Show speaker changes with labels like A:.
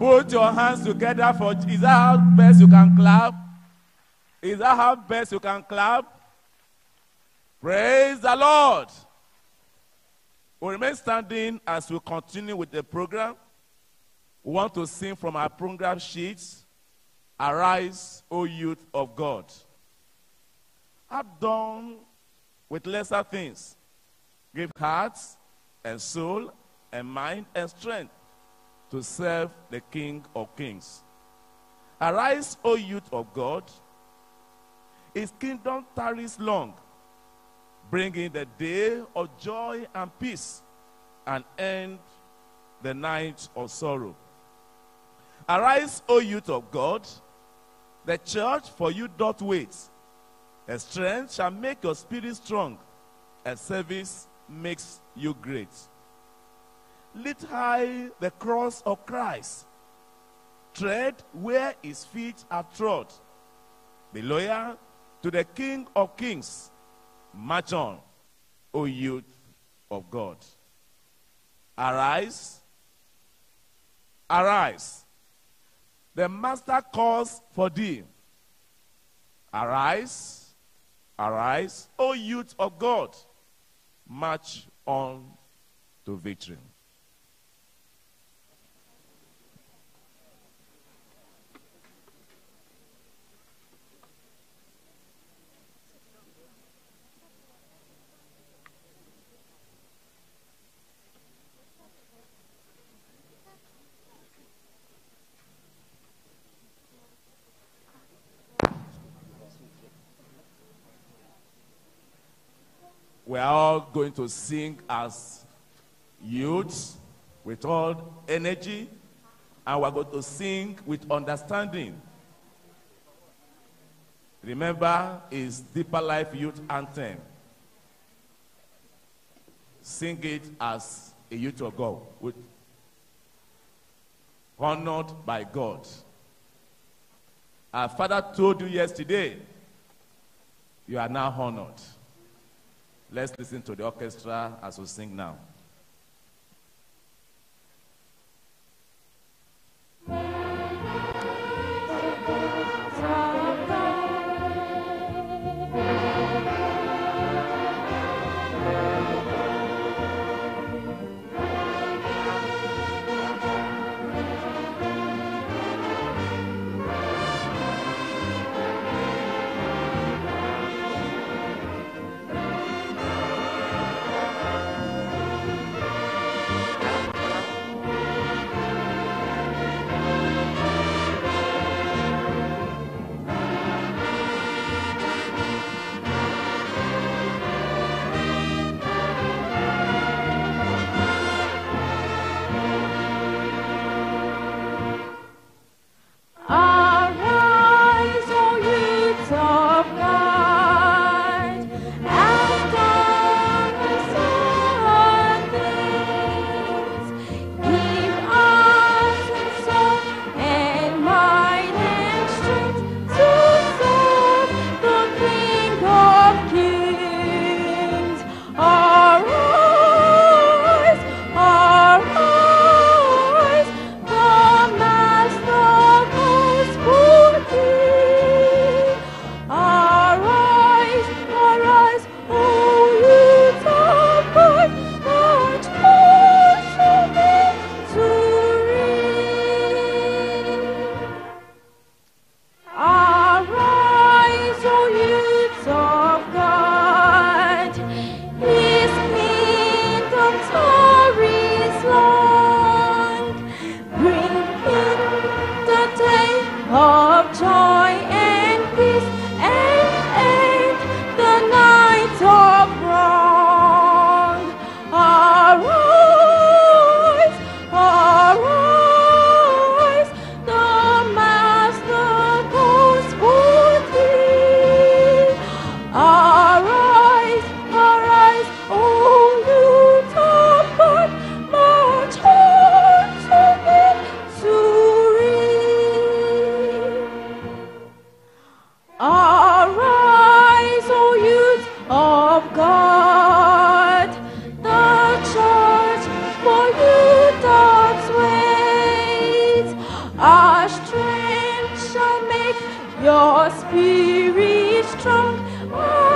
A: Put your hands together for. Is that how best you can clap? Is that how best you can clap? Praise the Lord. We remain standing as we continue with the program. We want to sing from our program sheets Arise, O youth of God. Have done with lesser things. Give hearts and soul and mind and strength to serve the King of Kings. Arise, O youth of God. His kingdom tarries long, bringing the day of joy and peace, and end the night of sorrow. Arise, O youth of God. The church for you doth wait. A strength shall make your spirit strong. A service makes you great. Lift high the cross of Christ. Tread where his feet are trod. Be loyal to the King of Kings. March on, O youth of God. Arise, arise. The Master calls for thee. Arise, arise, O youth of God. March on to victory. We are all going to sing as youths with all energy, and we're going to sing with understanding. Remember, is Deeper Life Youth Anthem. Sing it as a youth of God, with, honored by God. Our father told you yesterday, you are now honored. Let's listen to the orchestra as we sing now.
B: your spirit strong.